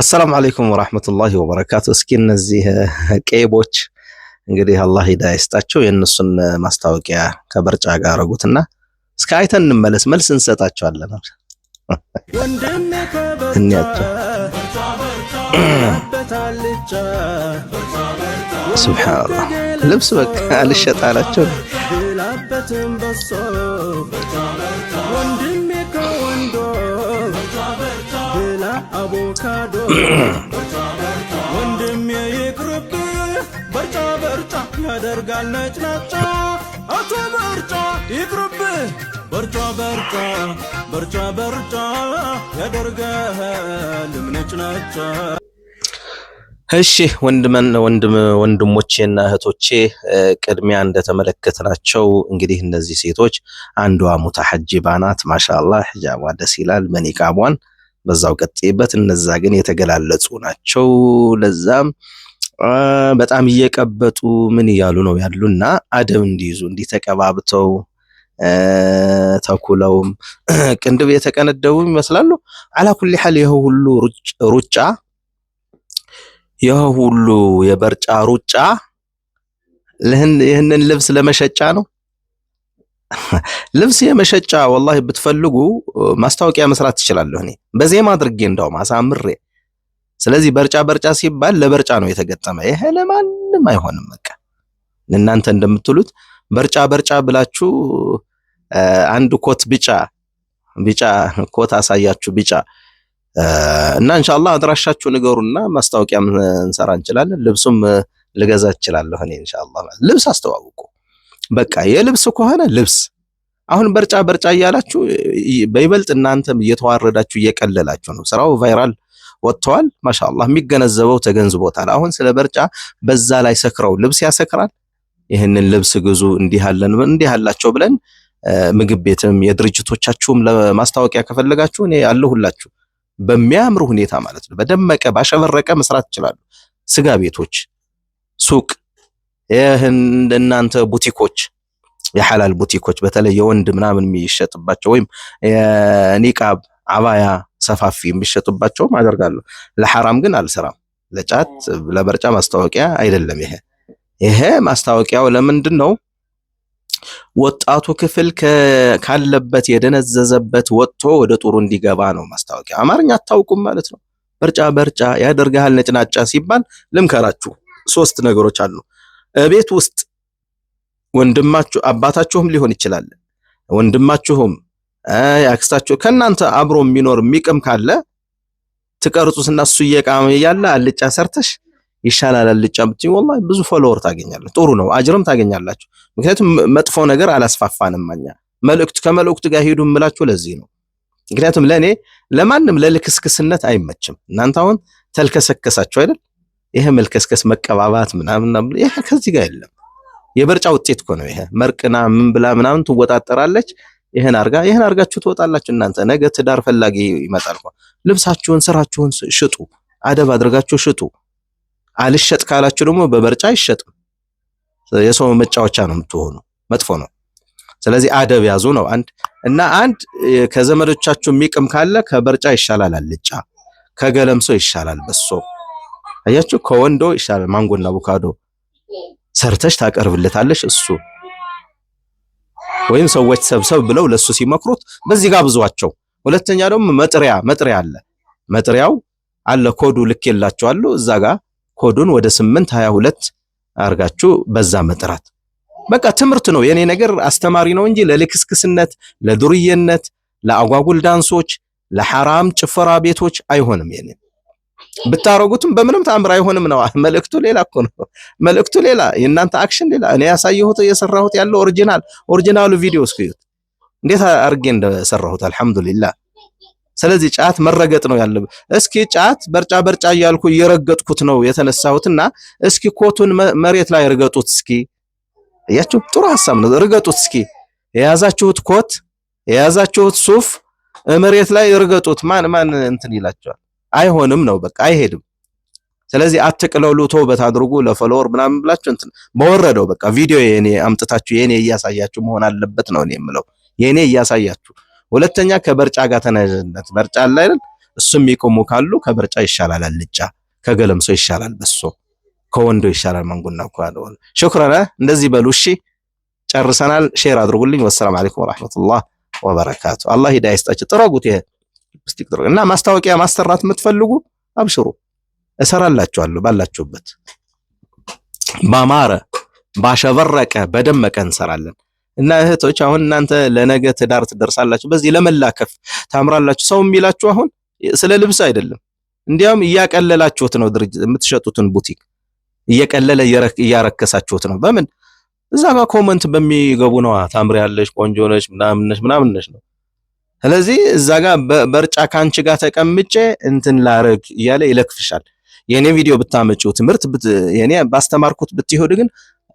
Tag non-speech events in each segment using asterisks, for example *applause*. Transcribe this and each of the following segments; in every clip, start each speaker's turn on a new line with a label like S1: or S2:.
S1: አሰላሙ አለይኩም ወራህመቱላሂ ወበረካቱ። እስኪ እነዚህ ቄቦች እንግዲህ አላህ ሂዳ ይስጣቸው። የእነሱን ማስታወቂያ ከበርጫ ጋር አረጉትና እስከ አይተን እንመለስ፣ መልስ እንሰጣቸዋለን። እንያቸው ስብሓንላህ ልብስ በቃ ልሸጥ አላቸው። አልበላበትም በሶ ወንድሜ ከወንዶ ብላ አቮካዶ ወንድሜ ይቅርብ በርጫ በርጫ ያደርጋል ነጭናጫ አቶ በርጫ ይቅርብ በርጫ በርጫ በርጫ በርጫ ያደርጋል ምነጭ እሺ ወንድመን ወንድም ወንድሞቼና እህቶቼ ቅድሚያ እንደተመለከትናቸው እንግዲህ እነዚህ ሴቶች አንዷ ሙታሐጅባ ናት። ማሻላ ሂጃቧ ደስ ይላል፣ መኒቃቧን በዛው ቀጥይበት። እነዛ ግን የተገላለጹ ናቸው። ለዛም በጣም እየቀበጡ ምን እያሉ ነው ያሉና አደብ እንዲይዙ እንዲህ ተቀባብተው ተኩለውም *clears throat* ቅንድብ የተቀነደቡ ይመስላሉ። አላኩል ሐል ይኸው ሁሉ ሩጫ ይህ ሁሉ የበርጫ ሩጫ ይህንን ልብስ ለመሸጫ ነው? ልብስ የመሸጫ ወላሂ ብትፈልጉ ማስታወቂያ መስራት ትችላለሁ። እኔ በዜማ አድርጌ እንደው አሳምሬ። ስለዚህ በርጫ በርጫ ሲባል ለበርጫ ነው የተገጠመ። ይሄ ለማንም አይሆንም። በቃ እናንተ እንደምትሉት በርጫ በርጫ ብላችሁ አንድ ኮት ቢጫ ቢጫ ኮት አሳያችሁ ቢጫ እና ኢንሻአላህ አድራሻችሁ ንገሩና ማስታወቂያም እንሰራ እንችላለን። ልብሱም ልገዛ እችላለሁ እኔ ኢንሻአላህ። ልብስ አስተዋውቁ። በቃ የልብስ ከሆነ ልብስ አሁን በርጫ በርጫ እያላችሁ በይበልጥ እናንተም እየተዋረዳችሁ እየቀለላችሁ ነው። ስራው ቫይራል ወጥተዋል። ማሻአላህ የሚገነዘበው ተገንዝቦታል። አሁን ስለ በርጫ በዛ ላይ ሰክረው ልብስ ያሰክራል። ይህንን ልብስ ግዙ፣ እንዲህ አለን፣ እንዲህ አላቸው ብለን ምግብ ቤትም የድርጅቶቻችሁም ለማስታወቂያ ከፈለጋችሁ እኔ አለሁላችሁ። በሚያምሩ ሁኔታ ማለት ነው። በደመቀ ባሸበረቀ መስራት ይችላሉ። ስጋ ቤቶች፣ ሱቅ፣ እናንተ ቡቲኮች፣ የሐላል ቡቲኮች በተለይ የወንድ ምናምን የሚሸጥባቸው ወይም የኒቃብ አባያ ሰፋፊ የሚሸጡባቸውም አደርጋለሁ። ለሐራም ግን አልሰራም። ለጫት ለበርጫ ማስታወቂያ አይደለም ይሄ ይሄ ማስታወቂያው ለምንድን ነው? ወጣቱ ክፍል ካለበት የደነዘዘበት ወጥቶ ወደ ጦሩ እንዲገባ ነው ማስታወቂያ። አማርኛ አታውቁም ማለት ነው። በርጫ በርጫ ያደርግሃል ነጭናጫ ሲባል ልምከራችሁ፣ ሶስት ነገሮች አሉ። ቤት ውስጥ ወንድማችሁ አባታችሁም ሊሆን ይችላል ወንድማችሁም አክስታችሁ ከእናንተ አብሮ የሚኖር የሚቅም ካለ ትቀርጹትና እሱ እየቃመ እያለ አልጫ ሰርተሽ ይሻላል አልጫ ብትይ ወላሂ ብዙ ፎሎወር ታገኛለህ። ጥሩ ነው፣ አጅርም ታገኛላችሁ። ምክንያቱም መጥፎ ነገር አላስፋፋንም እኛ መልእክት ከመልእክት ጋር ሄዱ እምላችሁ ለዚህ ነው። ምክንያቱም ለእኔ ለማንም ለልክስክስነት አይመችም። እናንተ አሁን ተልከሰከሳችሁ አይደል? ይሄ መልከስከስ መቀባባት ምናምን ይሄ ከዚህ ጋር የለም። የበርጫ ውጤት እኮ ነው ይሄ። መርቅና ምን ብላ ምናምን ትወጣጠራለች። ይሄን አርጋ ይሄን አርጋችሁ ትወጣላችሁ። እናንተ ነገ ትዳር ፈላጊ ይመጣል። ልብሳችሁን፣ ስራችሁን ሽጡ፣ አደብ አድርጋችሁ ሽጡ። አልሸጥ ካላችሁ ደግሞ በበርጫ አይሸጥም። የሰው መጫወቻ ነው የምትሆኑ። መጥፎ ነው። ስለዚህ አደብ ያዙ ነው አንድ እና አንድ ከዘመዶቻችሁ የሚቅም ካለ ከበርጫ ይሻላል አልጫ፣ ከገለምሶ ይሻላል በሶ። አያችሁ ከወንዶ ይሻላል። ማንጎና አቮካዶ ሰርተሽ ታቀርብለታለሽ እሱ ወይም ሰዎች ሰብሰብ ብለው ለሱ ሲመክሩት በዚህ ጋር ብዙዋቸው። ሁለተኛ ደግሞ መጥሪያ መጥሪያ አለ መጥሪያው አለ ኮዱ ልክ የላቸዋለሁ እዛ ጋር ኮዱን ወደ 822 አርጋችሁ በዛ መጥራት። በቃ ትምህርት ነው የኔ ነገር አስተማሪ ነው እንጂ ለልክስክስነት፣ ለዱርዬነት፣ ለአጓጉል ዳንሶች፣ ለሐራም ጭፈራ ቤቶች አይሆንም። የኔ ብታረጉትም በምንም ተአምር አይሆንም ነው *laughs* መልእክቱ። ሌላ እኮ ነው መልእክቱ፣ ሌላ የእናንተ አክሽን ሌላ። እኔ ያሳየሁት የሰራሁት ያለው ኦሪጂናል ኦሪጂናሉ ቪዲዮ እስኪዩት እንዴት አርጌ እንደሰራሁት አልሐምዱሊላህ። ስለዚህ ጫት መረገጥ ነው ያለበት። እስኪ ጫት በርጫ በርጫ እያልኩ እየረገጥኩት ነው የተነሳሁትና እስኪ ኮቱን መሬት ላይ ርገጡት እስኪ። እያችሁ ጥሩ ሐሳብ ነው። ርገጡት እስኪ የያዛችሁት ኮት የያዛችሁት ሱፍ መሬት ላይ ርገጡት። ማን ማን እንትን ይላቸዋል? አይሆንም ነው በቃ አይሄድም። ስለዚህ አትቅለሉ፣ ተውበት አድርጉ። ለፎሎወር ምናምን ብላችሁ እንትን መወረደው በቃ ቪዲዮ የኔ አምጥታችሁ የኔ እያሳያችሁ መሆን አለበት ነው እኔ የምለው የኔ እያሳያችሁ ሁለተኛ ከበርጫ ጋር ተናዥነት በርጫ አለ አይደል? እሱ የሚቆሙ ካሉ ከበርጫ ይሻላል፣ አልጫ ከገለምሶ ይሻላል፣ በሶ ከወንዶ ይሻላል። መንጉና ኳዶ ሹክራና እንደዚህ በሉ። እሺ ጨርሰናል። ሼር አድርጉልኝ። ወሰላም አለይኩም ወራህመቱላህ ወበረካቱ። አላህ ሂዳያ ይስጣችሁ። ጥረጉት ይሄ እና ማስታወቂያ ማሰራት የምትፈልጉ አብሽሩ፣ እሰራላችኋለሁ። ባላችሁበት ባማረ ባሸበረቀ በደመቀ እንሰራለን። እና እህቶች አሁን እናንተ ለነገ ትዳር ትደርሳላችሁ፣ በዚህ ለመላከፍ ታምራላችሁ። ሰው የሚላችሁ አሁን ስለ ልብስ አይደለም፣ እንዲያውም እያቀለላችሁት ነው። ድርጅት የምትሸጡትን ቡቲክ እየቀለለ እያረከሳችሁት ነው። በምን እዛ ጋር ኮመንት በሚገቡ ነው። ታምር ያለሽ ቆንጆ ነሽ ምናምን ነሽ ምናምን ነሽ ነው። ስለዚህ እዛ ጋር በርጫ ካንቺ ጋር ተቀምጬ እንትን ላረግ እያለ ይለክፍሻል። የኔ ቪዲዮ ብታመጪው ትምህርት የኔ ባስተማርኩት ብትሄድ ግን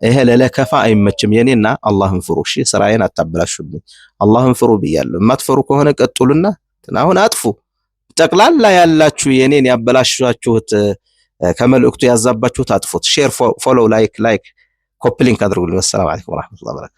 S1: ይሄ ለለከፋ አይመችም። የኔና አላህን ፍሩ። እሺ ስራዬን አታበላሹብኝ። አላህን ፍሩ ብያለሁ። የማትፈሩ ከሆነ ቀጥሉና አሁን አጥፉ። ጠቅላላ ያላችሁ የኔን ያበላሻችሁት ከመልእክቱ ያዛባችሁት አጥፉት። ሼር፣ ፎሎው፣ ላይክ ላይክ ኮፕሊንክ አድርጉልኝ። ሰላም አለይኩም ወራህመቱላሂ ወበረካቱ